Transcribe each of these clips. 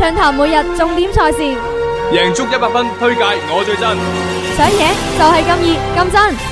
暢談每日重點賽事，贏足一百分，推介我最真，想贏就係咁熱咁真。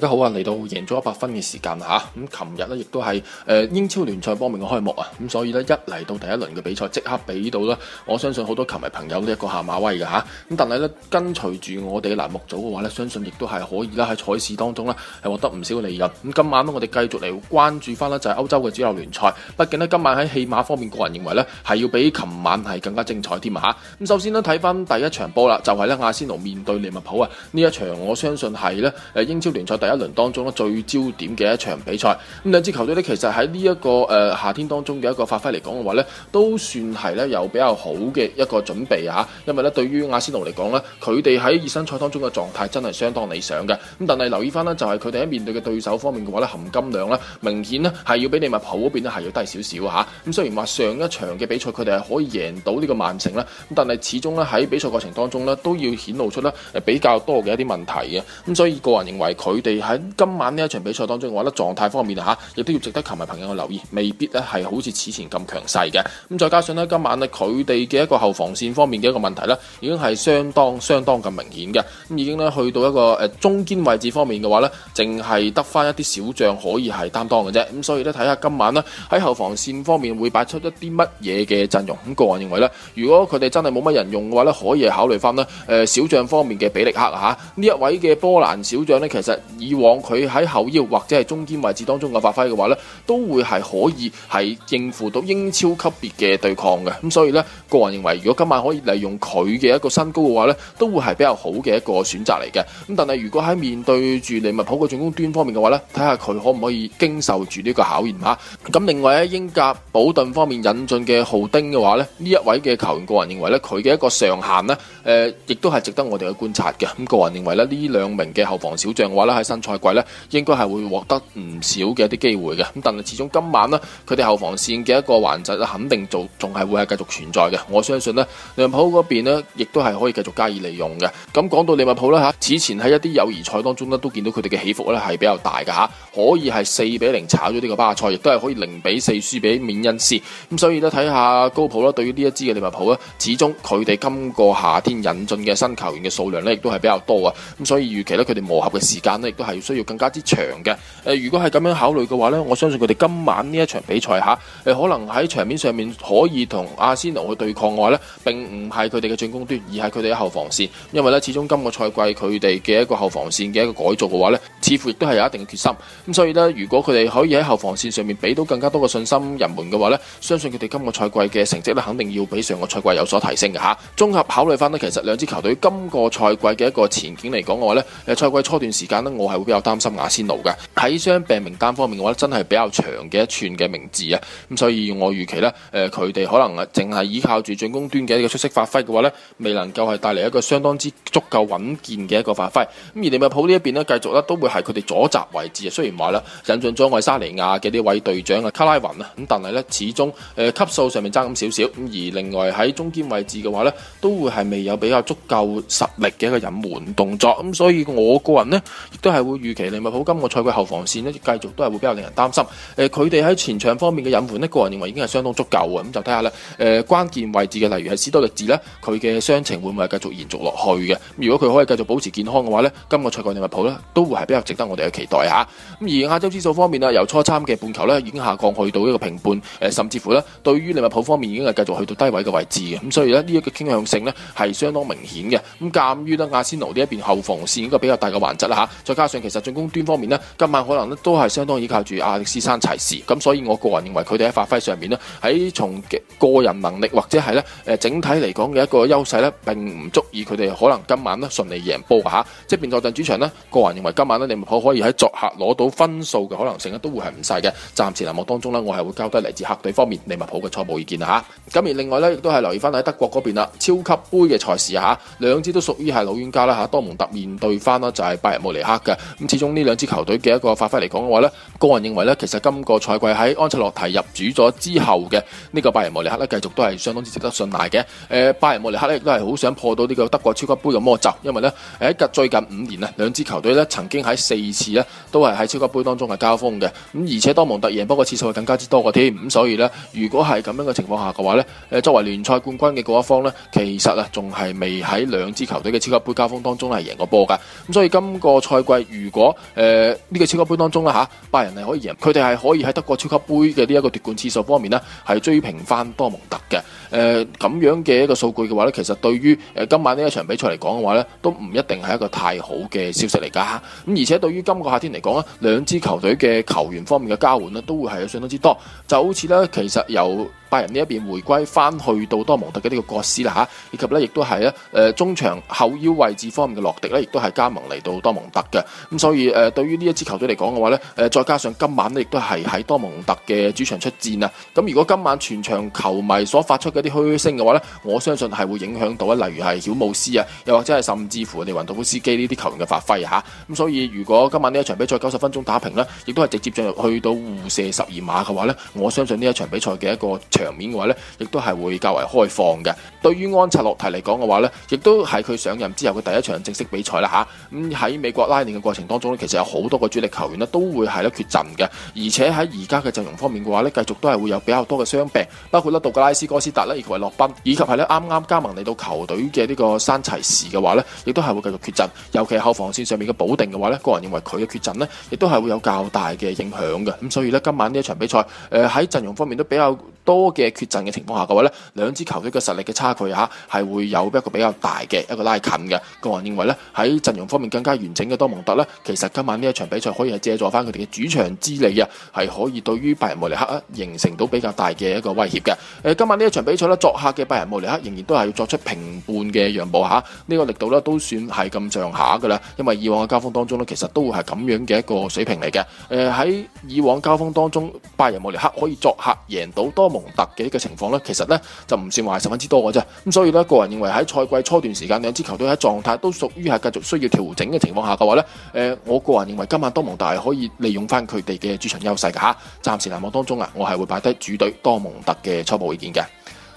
大家好啊！嚟到贏足 100FUN 嘅時間啦，咁琴日咧，亦都係誒英超聯賽方面嘅開幕啊，咁所以咧一嚟到第一輪嘅比賽，即刻俾到啦。我相信好多球迷朋友呢，一個下馬威嘅吓。咁、啊、但係咧跟隨住我哋嘅欄目組嘅話咧，相信亦都係可以啦喺賽事當中咧係獲得唔少嘅利益。咁、嗯、今晚咧我哋繼續嚟關注翻咧就係歐洲嘅主流聯賽，畢竟呢，今晚喺戲碼方面個人認為咧係要比琴晚係更加精彩添啊，咁、嗯、首先咧睇翻第一場波啦，就係咧阿仙奴面對利物浦啊呢一場，我相信係咧誒英超聯賽第一輪當中咧最焦點嘅一場比賽，咁兩支球隊咧其實喺呢一個誒、呃、夏天當中嘅一個發揮嚟講嘅話咧都算係咧有比較好嘅一個準備吓，因為咧對於阿仙奴嚟講咧，佢哋喺熱身賽當中嘅狀態真係相當理想嘅，咁但係留意翻咧就係佢哋喺面對嘅對手方面嘅話咧，含金量咧明顯咧係要比利物浦嗰邊咧係要低少少吓，咁雖然話上一場嘅比賽佢哋係可以贏到呢個曼城啦，咁但係始終咧喺比賽過程當中咧都要顯露出比較多嘅一啲問題嘅，咁所以個人認為佢哋。喺今晚呢一場比賽當中嘅話咧，狀態方面吓，亦都要值得球迷朋友去留意，未必咧係好似此前咁強勢嘅。咁再加上咧，今晚咧佢哋嘅一個後防線方面嘅一個問題咧，已經係相當相當咁明顯嘅。咁已經咧去到一個誒、呃、中堅位置方面嘅話咧，淨係得翻一啲小將可以係擔當嘅啫。咁所以咧睇下今晚咧喺後防線方面會擺出一啲乜嘢嘅陣容。咁個人認為咧，如果佢哋真係冇乜人用嘅話咧，可以考慮翻咧誒小將方面嘅比利克吓，呢一位嘅波蘭小將咧，其實以。以往佢喺後腰或者係中堅位置當中嘅發揮嘅話咧，都會係可以係應付到英超級別嘅對抗嘅。咁所以咧，個人認為如果今晚可以利用佢嘅一個身高嘅話咧，都會係比較好嘅一個選擇嚟嘅。咁但係如果喺面對住利物浦嘅進攻端方面嘅話咧，睇下佢可唔可以經受住呢個考驗吓。咁另外喺英甲保頓方面引進嘅豪丁嘅話咧，呢一位嘅球員個人認為咧，佢嘅一個上限咧，誒、呃，亦都係值得我哋去觀察嘅。咁個人認為咧，呢兩名嘅後防小將嘅話咧喺身。賽季咧，應該係會獲得唔少嘅一啲機會嘅。咁但係始終今晚呢，佢哋後防線嘅一個患疾咧，肯定就仲係會係繼續存在嘅。我相信呢，利物浦嗰邊呢亦都係可以繼續加以利用嘅。咁講到利物浦咧，吓，此前喺一啲友誼賽當中呢，都見到佢哋嘅起伏咧係比較大嘅吓，可以係四比零炒咗呢個巴塞，亦都係可以零比四輸俾緬恩斯。咁所以呢，睇下高普啦，對於呢一支嘅利物浦呢，始終佢哋今個夏天引進嘅新球員嘅數量呢亦都係比較多啊。咁所以預期呢，佢哋磨合嘅時間呢亦都係。係需要更加之長嘅，誒、呃，如果係咁樣考慮嘅話呢，我相信佢哋今晚呢一場比賽吓，誒、呃，可能喺場面上面可以同阿仙奴去對抗嘅話呢，並唔係佢哋嘅進攻端，而係佢哋嘅後防綫，因為呢，始終今個賽季佢哋嘅一個後防綫嘅一個改造嘅話呢似乎亦都係有一定嘅決心，咁、嗯、所以呢，如果佢哋可以喺後防綫上面俾到更加多嘅信心人們嘅話呢，相信佢哋今個賽季嘅成績咧，肯定要比上個賽季有所提升嘅吓、啊。綜合考慮翻呢，其實兩支球隊今個賽季嘅一個前景嚟講嘅話呢誒，賽季初段時間呢。我係會比較擔心阿仙奴嘅喺傷病名單方面嘅話真係比較長嘅一串嘅名字啊，咁所以我預期呢，誒佢哋可能淨係依靠住進攻端嘅一個出色發揮嘅話呢未能夠係帶嚟一個相當之足夠穩健嘅一個發揮。咁而利物浦呢一邊呢，繼續呢都會係佢哋左閘位置啊。雖然話呢，引進咗愛沙尼亞嘅呢位隊長啊，卡拉雲啊，咁但係呢，始終誒、呃、級數上面爭咁少少，咁而另外喺中堅位置嘅話呢，都會係未有比較足夠實力嘅一個隱瞞動作。咁所以我個人呢，亦都係。會預期利物浦今個賽季後防線呢，繼續都係會比較令人擔心。誒、呃，佢哋喺前場方面嘅隱患呢，個人認為已經係相當足夠嘅。咁、嗯、就睇下啦。誒、呃，關鍵位置嘅，例如係士多力治呢，佢嘅傷情會唔會繼續延續落去嘅？如果佢可以繼續保持健康嘅話呢，今個賽季利物浦呢都會係比較值得我哋去期待吓。咁、啊、而亞洲指數方面啊，由初參嘅半球呢已經下降去到一個平半，誒、啊，甚至乎呢對於利物浦方面已經係繼續去到低位嘅位置嘅。咁、啊、所以呢，呢、這、一個傾向性呢係相當明顯嘅。咁、啊、鑒於呢阿仙奴呢一邊後防線應該比較大嘅患疾啦吓，再加上其實進攻端方面呢，今晚可能咧都係相當依靠住亞歷斯山齊士，咁所以我個人認為佢哋喺發揮上面呢，喺從個人能力或者係呢，誒整體嚟講嘅一個優勢呢，並唔足以佢哋可能今晚呢順利贏波嘅、啊、即係變作陣主場呢，個人認為今晚呢，利物浦可以喺作客攞到分數嘅可能性咧，都會係唔細嘅。暫時嚟幕當中呢，我係會交低嚟自客隊方面利物浦嘅初步意見啦嚇。咁、啊、而另外呢，亦都係留意翻喺德國嗰邊啦，超級杯嘅賽事嚇、啊，兩支都屬於係老冤家啦嚇、啊，多蒙特面對翻啦，就係拜仁慕尼克嘅。咁始終呢兩支球隊嘅一個發揮嚟講嘅話呢，個人認為呢，其實今個賽季喺安切洛提入主咗之後嘅呢、呢個拜仁慕尼黑呢，繼續都係相當之值得信賴嘅。誒、呃，拜仁慕尼黑呢，亦都係好想破到呢個德國超級杯嘅魔咒，因為呢，喺、呃、最近五年啊，兩支球隊呢曾經喺四次呢都係喺超級杯當中係交鋒嘅。咁而且多蒙特贏波嘅次數係更加之多嘅添。咁所以呢，如果係咁樣嘅情況下嘅話呢，誒作為聯賽冠軍嘅嗰一方呢，其實啊仲係未喺兩支球隊嘅超級杯交鋒當中係贏過波噶。咁所以今個賽季。如果誒呢、呃這個超級杯當中啦嚇，拜仁係可以贏，佢哋係可以喺德國超級杯嘅呢一個奪冠次數方面咧，係追平翻多蒙特嘅。誒咁樣嘅一個數據嘅話呢，其實對於誒今晚呢一場比賽嚟講嘅話呢，都唔一定係一個太好嘅消息嚟噶。咁而且對於今個夏天嚟講啊，兩支球隊嘅球員方面嘅交換呢，都會係相當之多。就好似呢，其實由拜仁呢一邊回歸翻去到多蒙特嘅呢個國師啦嚇，以及呢亦都係呢誒中場後腰位置方面嘅洛迪呢，亦都係加盟嚟到多蒙特嘅。咁所以誒，對於呢一支球隊嚟講嘅話呢，誒再加上今晚呢亦都係喺多蒙特嘅主場出戰啊。咁如果今晚全場球迷所發出嘅啲虛聲嘅話呢，我相信係會影響到啊，例如係曉姆斯啊，又或者係甚至乎我哋雲度夫斯基呢啲球員嘅發揮嚇、啊。咁、嗯、所以如果今晚呢一場比賽九十分鐘打平呢，亦都係直接進入去到互射十二碼嘅話呢，我相信呢一場比賽嘅一個場面嘅話呢，亦都係會較為開放嘅。對於安察洛提嚟講嘅話呢，亦都係佢上任之後嘅第一場正式比賽啦吓，咁、嗯、喺美國拉練嘅過程當中呢，其實有好多個主力球員呢，都會係咧缺陣嘅，而且喺而家嘅陣容方面嘅話呢，繼續都係會有比較多嘅傷病，包括咧杜格拉斯哥斯達。以及係洛賓，以及係咧啱啱加盟嚟到球隊嘅呢個山齊士嘅話咧，亦都係會繼續缺陣。尤其係後防線上面嘅保定嘅話咧，個人認為佢嘅缺陣咧，亦都係會有較大嘅影響嘅。咁所以咧，今晚呢一場比賽，誒喺陣容方面都比較多嘅缺陣嘅情況下嘅話咧，兩支球隊嘅實力嘅差距吓係、啊、會有一個比較大嘅一個拉近嘅。個人認為咧喺陣容方面更加完整嘅多蒙特咧，其實今晚呢一場比賽可以係借助翻佢哋嘅主場之利啊，係可以對於拜仁慕尼黑形成到比較大嘅一個威脅嘅。誒、呃，今晚呢一場比賽。出啦，作客嘅拜仁慕尼黑仍然都係要作出平半嘅讓步吓，呢、這個力度呢，都算係咁上下噶啦。因為以往嘅交鋒當中呢，其實都會係咁樣嘅一個水平嚟嘅。誒、呃，喺以往交鋒當中，拜仁慕尼黑可以作客贏到多蒙特嘅一個情況呢，其實呢，就唔算話係十分之多嘅啫。咁所以呢，個人認為喺賽季初段時間，兩支球隊喺狀態都屬於係繼續需要調整嘅情況下嘅話呢，誒、呃，我個人認為今晚多蒙特係可以利用翻佢哋嘅主場優勢嘅吓。暫時嚟望當中啊，我係會擺低主隊多蒙特嘅初步意見嘅。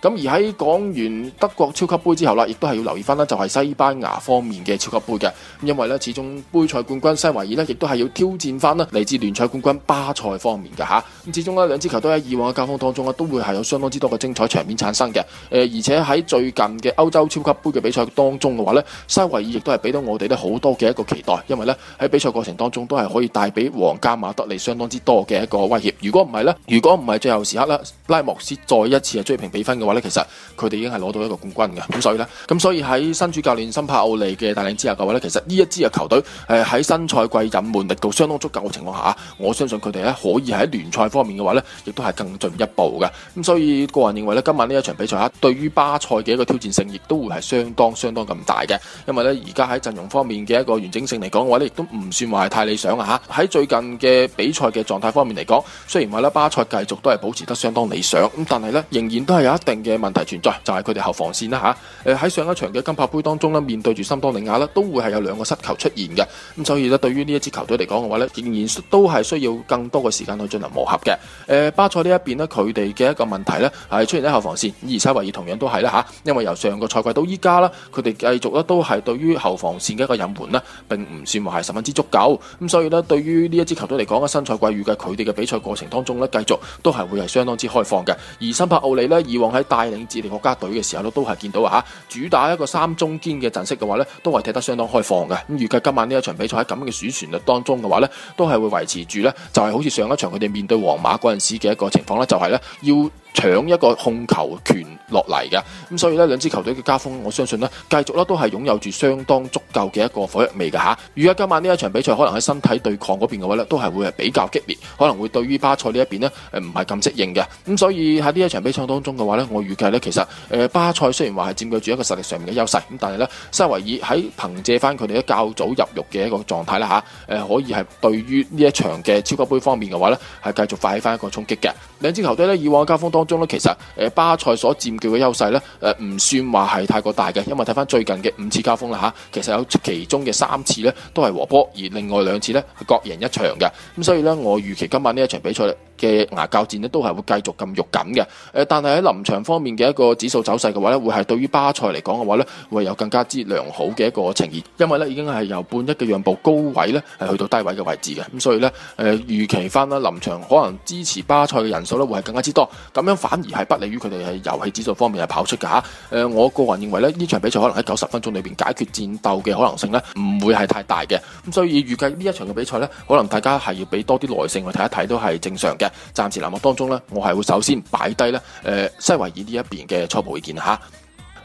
咁而喺講完德國超級杯之後啦，亦都係要留意翻咧，就係西班牙方面嘅超級杯嘅，因為呢，始終杯賽冠軍西維爾呢，亦都係要挑戰翻咧嚟自聯賽冠軍巴塞方面嘅吓，咁始終呢兩支球隊喺以往嘅交鋒當中呢，都會係有相當之多嘅精彩場面產生嘅。誒，而且喺最近嘅歐洲超級杯嘅比賽當中嘅話呢，西維爾亦都係俾到我哋咧好多嘅一個期待，因為呢，喺比賽過程當中都係可以帶俾皇家馬德利相當之多嘅一個威脅。如果唔係呢，如果唔係最後時刻啦，拉莫斯再一次追平比分嘅其實佢哋已經係攞到一個冠軍嘅，咁所以呢，咁所以喺新主教練森帕奧利嘅帶領之下嘅話呢，其實呢一支嘅球隊，誒喺新賽季隱瞞力度相當足夠嘅情況下，我相信佢哋呢可以喺聯賽方面嘅話呢，亦都係更進一步嘅。咁所以個人認為呢，今晚呢一場比賽咧，對於巴塞嘅一個挑戰性，亦都會係相當相當咁大嘅。因為呢而家喺陣容方面嘅一個完整性嚟講嘅話呢，亦都唔算話係太理想啊。吓喺最近嘅比賽嘅狀態方面嚟講，雖然話呢，巴塞繼續都係保持得相當理想，咁但係呢，仍然都係有一定。嘅問題存在，就係佢哋後防線啦嚇，誒、啊、喺、呃、上一場嘅金拍杯當中咧，面對住森多利亞啦，都會係有兩個失球出現嘅。咁所以咧，對於呢一支球隊嚟講嘅話咧，仍然都係需要更多嘅時間去進行磨合嘅、呃。巴塞呢一邊咧，佢哋嘅一個問題咧係、啊、出現喺後防線，而塞維爾同樣都係啦嚇，因為由上個賽季到依家啦，佢哋繼續咧都係對於後防線嘅一個隱患咧，並唔算話係十分之足夠，咁、啊、所以咧，對於呢一支球隊嚟講啊，新賽季預計佢哋嘅比賽過程當中咧，繼續都係會係相當之開放嘅，而新柏奧利咧，以往喺帶領智利國家隊嘅時候咧，都係見到啊吓，主打一個三中堅嘅陣式嘅話咧，都係踢得相當開放嘅。咁預計今晚呢一場比賽喺咁嘅選傳力當中嘅話咧，都係會維持住咧，就係好似上一場佢哋面對皇馬嗰陣時嘅一個情況咧，就係咧要。搶一個控球權落嚟嘅，咁所以呢兩支球隊嘅交鋒，我相信呢繼續咧都係擁有住相當足夠嘅一個火藥味嘅嚇。預、啊、計今晚呢一場比賽，可能喺身體對抗嗰邊嘅話呢，都係會係比較激烈，可能會對於巴塞呢一邊呢，誒唔係咁適應嘅。咁、啊、所以喺呢一場比賽當中嘅話我預計呢，我預計呢其實誒、呃、巴塞雖然話係佔據住一個實力上面嘅優勢，咁但係呢，西維爾喺憑借翻佢哋嘅較早入獄嘅一個狀態啦嚇，誒、啊呃、可以係對於呢一場嘅超級杯方面嘅話呢，係繼續發起翻一個衝擊嘅。兩支球隊呢，以往嘅交鋒都。當中咧，其實誒，巴塞所佔據嘅優勢咧，誒，唔算話係太過大嘅，因為睇翻最近嘅五次交鋒啦吓，其實有其中嘅三次咧都係和波，而另外兩次咧係各贏一場嘅，咁所以咧，我預期今晚呢一場比賽咧。嘅牙教戰呢都係會繼續咁肉緊嘅，誒，但係喺臨場方面嘅一個指數走勢嘅話呢，會係對於巴塞嚟講嘅話呢，會有更加之良好嘅一個呈現，因為呢已經係由半一嘅讓步高位呢，係去到低位嘅位置嘅，咁所以呢，誒、呃，預期翻啦，臨場可能支持巴塞嘅人數呢，會係更加之多，咁樣反而係不利於佢哋係遊戲指數方面係跑出㗎吓，誒、呃，我個人認為呢呢場比賽可能喺九十分鐘裏邊解決戰鬥嘅可能性呢，唔會係太大嘅，咁所以預計呢一場嘅比賽呢，可能大家係要俾多啲耐性去睇一睇都係正常嘅。暫時欄目當中呢，我係會首先擺低呢誒西維爾呢一邊嘅初步意見嚇。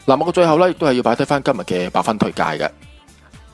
欄目嘅最後呢，亦都係要擺低翻今日嘅百分推介嘅。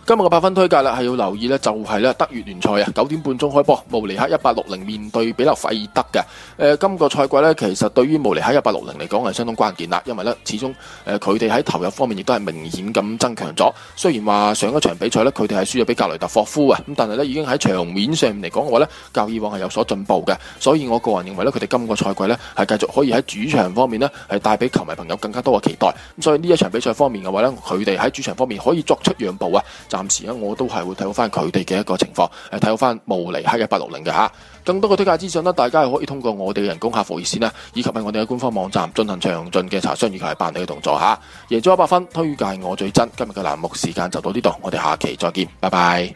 今日嘅八分推介啦，係要留意呢，就係咧德乙聯賽啊，九點半鐘開波，慕尼黑一八六零面對比勒費爾德嘅。誒、呃，今、今個賽季呢，其實對於慕尼黑一八六零嚟講係相當關鍵啦，因為呢，始終佢哋喺投入方面亦都係明顯咁增強咗。雖然話上一場比賽呢，佢哋係輸咗俾格雷特霍夫啊，咁但係呢已經喺場面上面嚟講嘅話呢，較以往係有所進步嘅。所以我個人認為呢，佢哋今個賽季呢，係繼續可以喺主場方面呢，係帶俾球迷朋友更加多嘅期待。咁所以呢一場比賽方面嘅話呢，佢哋喺主場方面可以作出讓步啊，暫時咧，我都係會睇好翻佢哋嘅一個情況，誒，睇好翻慕尼黑嘅八六零嘅吓。更多嘅推介資訊咧，大家係可以通過我哋嘅人工客服熱線啦，以及係我哋嘅官方網站進行詳盡嘅查詢以及辦理嘅動作吓。贏足一百 FUN，推介我最真。今日嘅欄目時間就到呢度，我哋下期再見，拜拜。